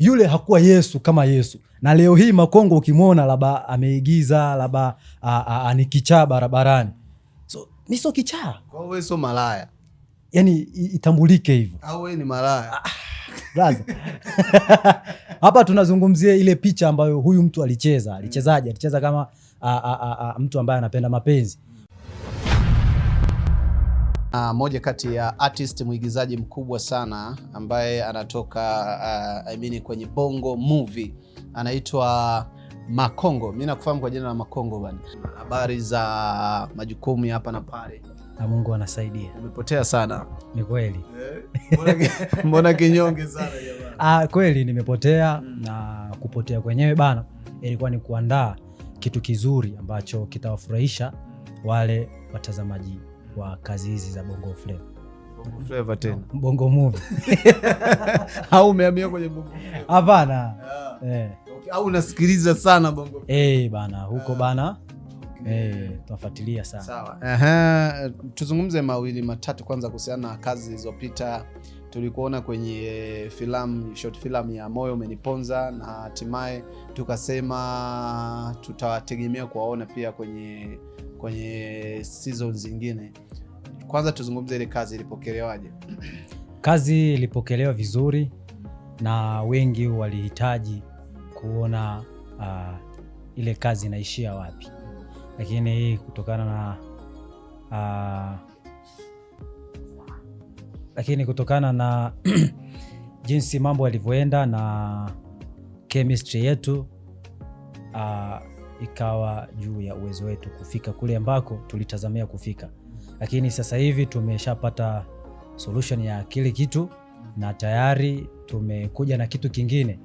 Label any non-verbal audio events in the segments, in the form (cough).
yule hakuwa Yesu kama Yesu. Na leo hii Makongo ukimwona labda ameigiza labda ni kichaa barabarani, so mi so kichaa, so wewe malaya, yani itambulike hivyo, au wewe ni malaya ah, (laughs) hapa tunazungumzia ile picha ambayo huyu mtu alicheza. Alichezaje? Alicheza kama a, a, a, a, mtu ambaye anapenda mapenzi Uh, moja kati ya artist mwigizaji mkubwa sana ambaye anatoka uh, I mean kwenye Bongo movie anaitwa Makongo. Mimi nakufahamu kwa jina la Makongo bwana. Habari za majukumu hapa na pale. Na Mungu anasaidia. Umepotea sana. Ni kweli. Eh, (laughs) mbona kinyonge sana jamani? Ah, kweli nimepotea mm. Na kupotea kwenyewe bana ilikuwa ni kuandaa kitu kizuri ambacho kitawafurahisha wale watazamaji wa kazi hizi za bongo flava. Bongo flava (laughs) au umeamia kwenye bongo? Hapana, eh. au unasikiliza sana bongo eh bana huko ah, bana Eh, tunafuatilia sana. Sawa. Aha, tuzungumze mawili matatu kwanza kuhusiana na kazi zilizopita tulikuona kwenye eh, filamu short film ya Moyo Umeniponza, na hatimaye tukasema tutawategemea kuwaona pia kwenye kwenye season zingine. Kwanza tuzungumze ile kazi ilipokelewaje? Kazi ilipokelewa vizuri na wengi walihitaji kuona uh, ile kazi inaishia wapi, lakini kutokana na uh, lakini kutokana na (clears throat) jinsi mambo yalivyoenda na chemistry yetu uh, ikawa juu ya uwezo wetu kufika kule ambako tulitazamia kufika, lakini sasa hivi tumeshapata solution ya kile kitu na tayari tumekuja na kitu kingine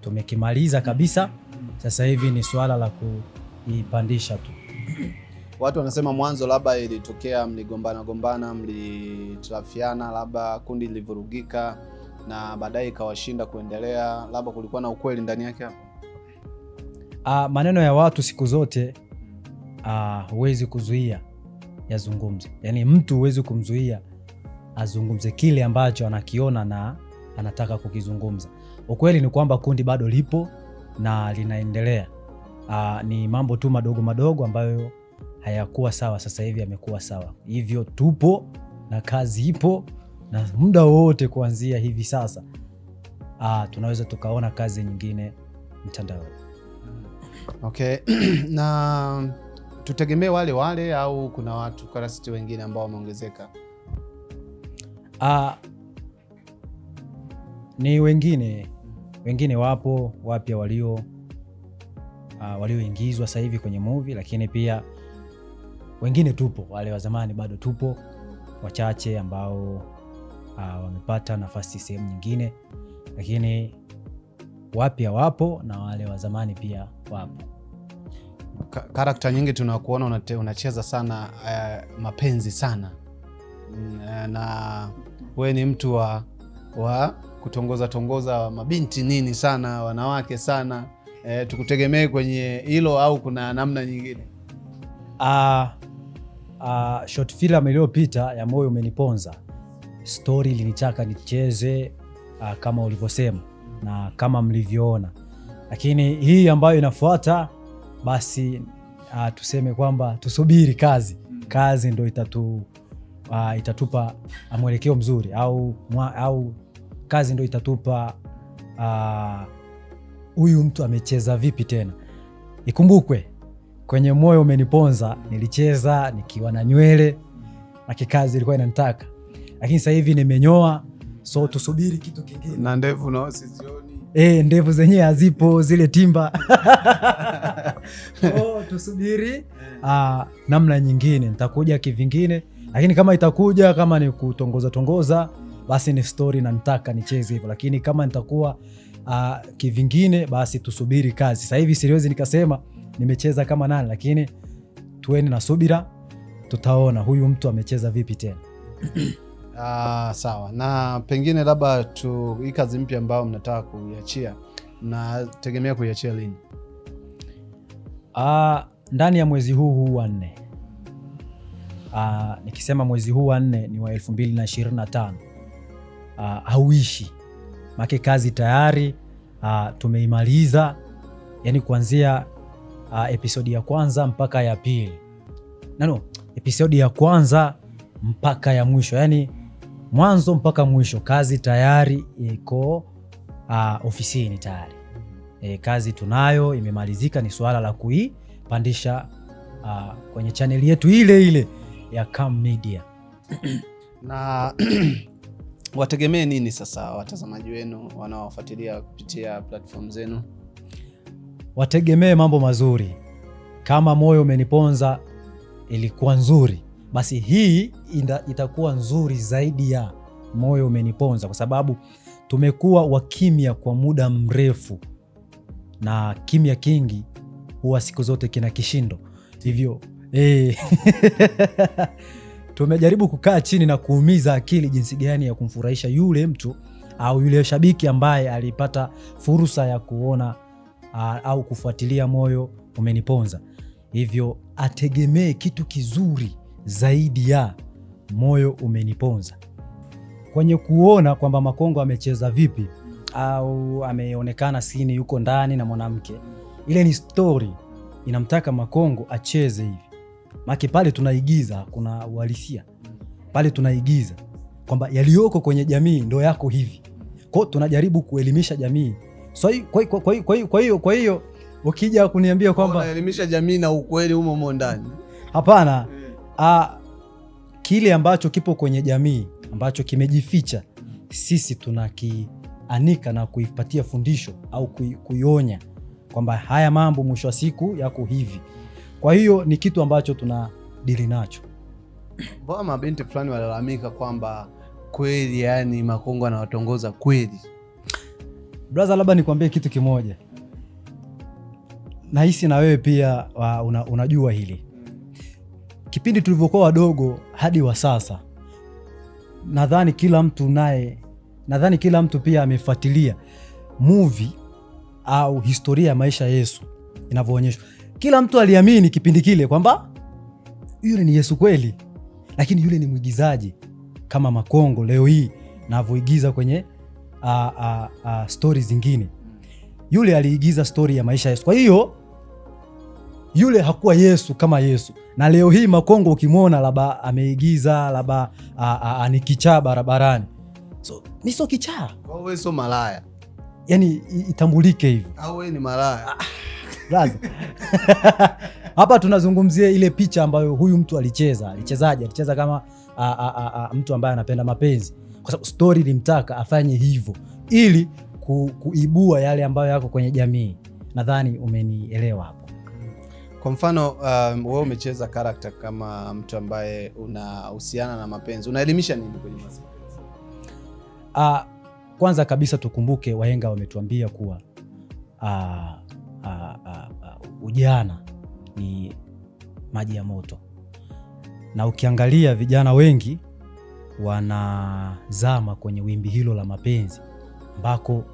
tumekimaliza kabisa. Sasa hivi ni suala la kuipandisha tu. (clears throat) Watu wanasema mwanzo labda ilitokea mligombana gombana, mlitrafiana, labda kundi lilivurugika na baadaye ikawashinda kuendelea, labda kulikuwa na ukweli ndani yake hapo. Uh, maneno ya watu siku zote ah, huwezi kuzuia yazungumze, yaani mtu huwezi kumzuia azungumze kile ambacho anakiona na anataka kukizungumza. Ukweli ni kwamba kundi bado lipo na linaendelea. Aa, ah, ni mambo tu madogo madogo ambayo hayakuwa sawa, sasa hivi yamekuwa sawa. Hivyo tupo na kazi ipo, na muda wote kuanzia hivi sasa ah, tunaweza tukaona kazi nyingine mtandaoni. Okay. (clears throat) na tutegemee wale wale au kuna watu karasiti wengine ambao wameongezeka? Ah, ni wengine wengine wapo wapya walio ah, walioingizwa sasa hivi kwenye movie, lakini pia wengine tupo, wale wa zamani bado tupo, wachache ambao uh, wamepata nafasi sehemu nyingine, lakini wapya wapo na wale wa zamani pia wapo. Karakta nyingi tunakuona unacheza sana uh, mapenzi sana mm, eh, na we ni mtu wa, wa kutongoza tongoza mabinti nini sana wanawake sana. E, tukutegemee kwenye hilo au kuna namna nyingine? Uh, uh, short film iliyopita ya moyo umeniponza stori ilinitaka nicheze uh, kama ulivyosema na kama mlivyoona, lakini hii ambayo inafuata basi uh, tuseme kwamba tusubiri kazi mm. kazi ndo itatu, uh, itatupa mwelekeo mzuri au, mwa, au kazi ndo itatupa huyu uh, mtu amecheza vipi tena. Ikumbukwe kwenye moyo umeniponza. Nilicheza nikiwa na nywele na kikazi ilikuwa inanitaka, lakini sasa hivi nimenyoa, so tusubiri kitu kingine. Na ndevu nao sizioni, eh, ndevu zenyewe hazipo zile timba (laughs) oh, tusubiri eh. ah, namna nyingine nitakuja kivingine, lakini kama itakuja kama ni kutongoza tongoza, basi ni stori na nitaka nicheze hivyo, lakini kama nitakuwa Uh, kivingine basi tusubiri kazi. Sasa hivi siwezi nikasema nimecheza kama nani, lakini tueni na subira, tutaona huyu mtu amecheza vipi tena. (clears throat) Ah, sawa. Na pengine labda tu hii kazi mpya ambayo mnataka kuiachia, mnategemea kuiachia lini? Ah, ndani ya mwezi huu huu wa nne. Ah, nikisema mwezi huu wa nne ni wa 2025. Ah, hauishi make kazi tayari, ah, tumeimaliza yani kuanzia uh, episodi ya kwanza mpaka ya pili nano episodi ya kwanza mpaka ya mwisho, yani mwanzo mpaka mwisho. Kazi tayari iko uh, ofisini tayari. E, kazi tunayo imemalizika, ni suala la kuipandisha uh, kwenye chaneli yetu ile ile ya Come Media (clears throat) na (clears throat) wategemee nini sasa watazamaji wenu wanaowafuatilia kupitia platform zenu? wategemee mambo mazuri. Kama moyo umeniponza ilikuwa nzuri, basi hii inda, itakuwa nzuri zaidi ya moyo umeniponza, kwa sababu tumekuwa wakimya kwa muda mrefu, na kimya kingi huwa siku zote kina kishindo. Hivyo e, (laughs) tumejaribu kukaa chini na kuumiza akili jinsi gani ya kumfurahisha yule mtu au yule shabiki ambaye alipata fursa ya kuona au kufuatilia moyo umeniponza. Hivyo ategemee kitu kizuri zaidi ya moyo umeniponza. Kwenye kuona kwamba Makongo amecheza vipi au ameonekana sini yuko ndani na mwanamke, ile ni stori inamtaka Makongo acheze hivi, make pale tunaigiza, kuna uhalisia pale tunaigiza kwamba yaliyoko kwenye jamii ndo yako hivi kwao, tunajaribu kuelimisha jamii So, kwa hiyo kwa hiyo kwa hiyo kwa hiyo kwa hiyo ukija kuniambia kwamba unaelimisha jamii na ukweli humo umo ndani, hapana. Eh. A, kile ambacho kipo kwenye jamii ambacho kimejificha sisi tunakianika na kuipatia fundisho au kuionya kwamba haya mambo mwisho wa siku yako hivi. Kwa hiyo ni kitu ambacho tuna dili nacho. Mbona mabinti fulani walalamika kwamba kweli, yani Makongo anawatongoza kweli? Brother, labda nikwambie kitu kimoja, nahisi na wewe pia una, unajua hili. Kipindi tulivyokuwa wadogo hadi wa sasa, nadhani kila mtu naye, nadhani kila mtu pia amefuatilia movie au historia ya maisha Yesu inavyoonyeshwa. Kila mtu aliamini kipindi kile kwamba yule ni Yesu kweli, lakini yule ni mwigizaji kama Makongo leo hii navyoigiza kwenye stori zingine. Yule aliigiza stori ya maisha Yesu. Kwa hiyo yule hakuwa Yesu kama Yesu, na leo hii Makongo ukimwona labda ameigiza labda ni kichaa barabarani, so ni so kichaa, malaya, yani itambulike hivi, ni malaya ah, (laughs) hapa tunazungumzia ile picha ambayo huyu mtu alicheza. Alichezaje? Alicheza kama a, a, a, mtu ambaye anapenda mapenzi kwa sababu stori ilimtaka afanye hivyo ili ku, kuibua yale ambayo yako kwenye jamii. Nadhani umenielewa hapo. Kwa mfano um, wewe umecheza karakta kama mtu ambaye unahusiana na mapenzi, unaelimisha nini kwenye Uh, kwanza kabisa tukumbuke wahenga wametuambia kuwa uh, uh, uh, uh, ujana ni maji ya moto, na ukiangalia vijana wengi wanazama kwenye wimbi hilo la mapenzi ambako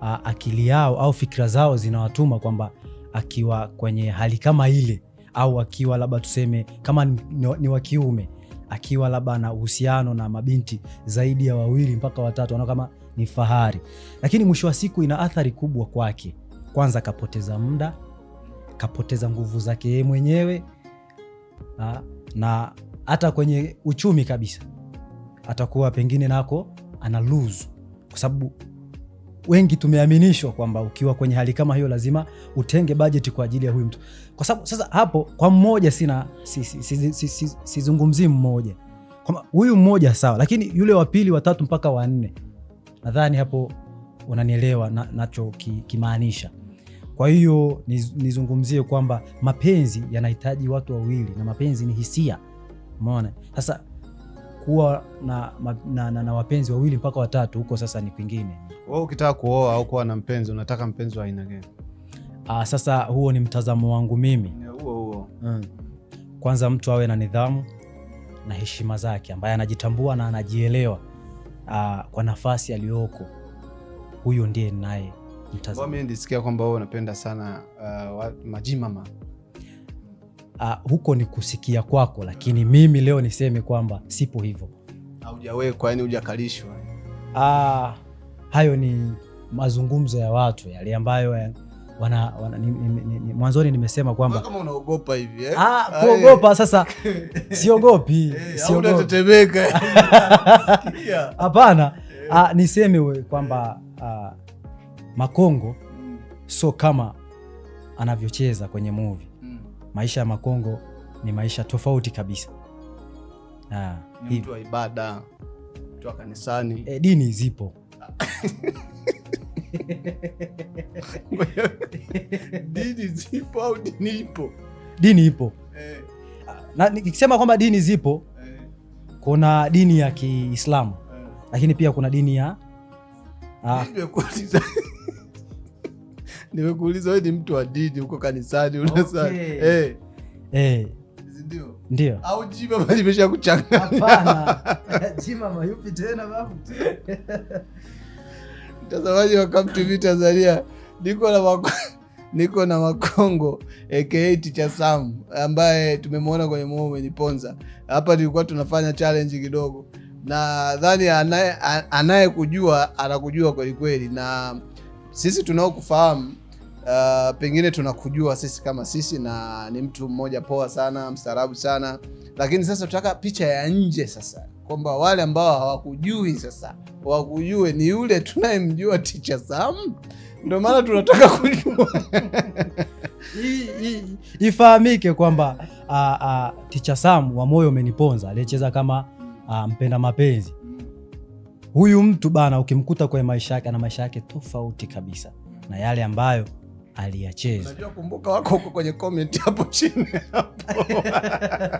akili yao au fikira zao zinawatuma kwamba akiwa kwenye hali kama ile au akiwa labda tuseme kama ni, ni wa kiume akiwa labda na uhusiano na mabinti zaidi ya wawili mpaka watatu, anao kama ni fahari, lakini mwisho wa siku ina athari kubwa kwake. Kwanza kapoteza muda, kapoteza nguvu zake yeye mwenyewe na hata kwenye uchumi kabisa atakuwa pengine nako ana lose, kwa sababu wengi tumeaminishwa kwamba ukiwa kwenye hali kama hiyo lazima utenge bajeti kwa ajili ya huyu mtu, kwa sababu sasa hapo kwa mmoja sina sizungumzii si, si, si, si mmoja kwamba huyu mmoja sawa, lakini yule wa pili, wa tatu mpaka wa nne, nadhani hapo unanielewa na, nacho kimaanisha. Kwa hiyo nizungumzie kwamba mapenzi yanahitaji watu wawili na mapenzi ni hisia, umeona sasa kuwa na, na, na, na wapenzi wawili mpaka watatu huko sasa ni kwingine. ukitaka kuoa au kuwa na mpenzi unataka mpenzi wa aina gani? Ah, sasa huo ni mtazamo wangu mimi. Huo huo. Mm. Kwanza mtu awe na nidhamu na heshima zake ambaye anajitambua na anajielewa aa, ah, kwa nafasi aliyoko, huyo ndiye naye mtazamo. Mimi nilisikia kwamba wewe unapenda sana uh, ah, majimama uh, huko ni kusikia kwako, lakini mimi leo niseme kwamba sipo hivyo, haujawekwa yani hujakalishwa. Uh, hayo ni mazungumzo ya watu yale ambayo ya eh, wana, wana, ni, ni, ni, ni, mwanzoni nimesema kwamba kama unaogopa hivi eh? Ah, kuogopa sasa (laughs) siogopi, eh, siogopa (laughs) hapana. Eh. Ah, niseme kwamba ah, Makongo mm. so kama anavyocheza kwenye movie maisha ya Makongo ni maisha tofauti kabisa. Ah, ibada, wa kanisani. E, dini zipo (laughs) dini zipo au dini ipo? Dini ipo eh. Na nikisema kwamba dini zipo eh. kuna dini ya Kiislamu lakini pia kuna dini ya ah nimekuuliza wewe ni mtu wa dini huko kanisani okay. hey. Eh. Eh. hey. Ndio. Ndio. Au jima bali limesha wakamtv Hapana. Jima (laughs) tena babu. (laughs) Mtazamaji wa TV Tanzania, niko na mako, (laughs) niko na Makongo aka Sam ambaye tumemwona kwenye Moyo Umeniponza. Hapa tulikuwa tunafanya challenge kidogo. Nadhani anayekujua anakujua kweli kweli na sisi tunaokufahamu uh, pengine tunakujua sisi kama sisi, na ni mtu mmoja poa sana, mstaarabu sana, lakini sasa tutaka picha ya nje sasa kwamba wale ambao hawakujui sasa wakujue ni yule tunayemjua Ticha Sam. Ndio maana tunataka (laughs) kujua ifahamike kwamba uh, uh, Ticha Sam wa moyo umeniponza aliyecheza kama a, uh, mpenda mapenzi huyu mtu bana, ukimkuta kwenye maisha yake, ana maisha yake tofauti kabisa na yale ambayo aliyacheza. kumbuka wako huko kwenye hapo chini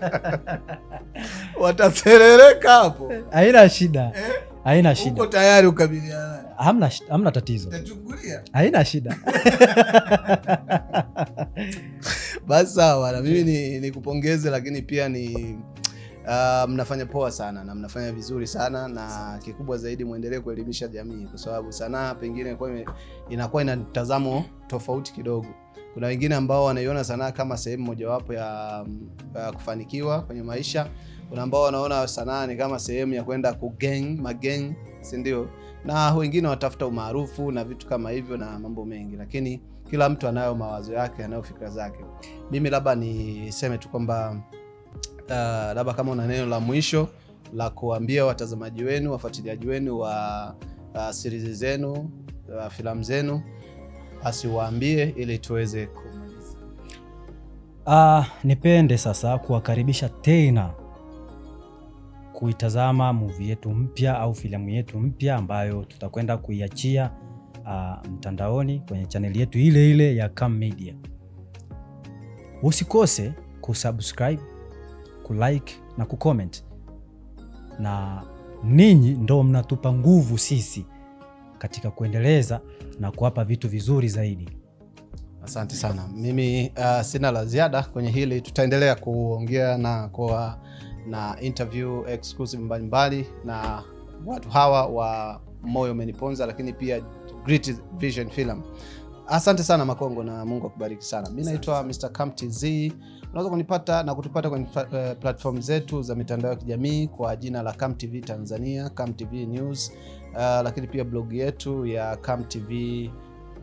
(laughs) wataserereka hapo, haina shida eh? Haina shida, uko tayari ukabiliana, hamna, hamna tatizo, haina shida (laughs) basi sawa, mimi nikupongeze, lakini pia ni Ah, mnafanya poa sana na mnafanya vizuri sana na kikubwa zaidi mwendelee kuelimisha jamii, kwa sababu sanaa pengine kwa inakuwa ina mtazamo tofauti kidogo. Kuna wengine ambao wanaiona sanaa kama sehemu mojawapo ya, mm, ya kufanikiwa kwenye maisha. Kuna ambao wanaona sanaa ni kama sehemu ya kwenda kugeng mageng, si ndio? Na wengine watafuta umaarufu na vitu kama hivyo na mambo mengi, lakini kila mtu anayo mawazo yake, anayo fikra zake. Mimi labda niseme tu kwamba Ah, labda kama una neno la mwisho la kuambia watazamaji wenu, wafuatiliaji wenu wa uh, series zenu uh, filamu zenu, asiwaambie ili tuweze kumaliza. Uh, nipende sasa kuwakaribisha tena kuitazama muvi yetu mpya au filamu yetu mpya ambayo tutakwenda kuiachia uh, mtandaoni kwenye chaneli yetu ile ile ya Cam Media. Usikose kusubscribe kulike na kucomment, na ninyi ndo mnatupa nguvu sisi katika kuendeleza na kuwapa vitu vizuri zaidi. Asante sana. Mimi uh, sina la ziada kwenye hili. Tutaendelea kuongea na kuwa na interview exclusive mbalimbali na watu hawa wa Moyo Umeniponza, lakini pia Great Vision Film. Asante sana Makongo na Mungu akubariki sana. mi naitwa Mr. Cam Unaweza kunipata na kutupata kwenye eh, platform zetu za mitandao ya kijamii kwa jina la camtv Tanzania, camtv News, uh, lakini pia blog yetu ya camtv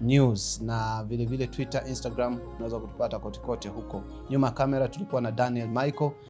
News na vilevile Twitter, Instagram unaweza kutupata kote kote huko. Nyuma ya kamera tulikuwa na Daniel Michael.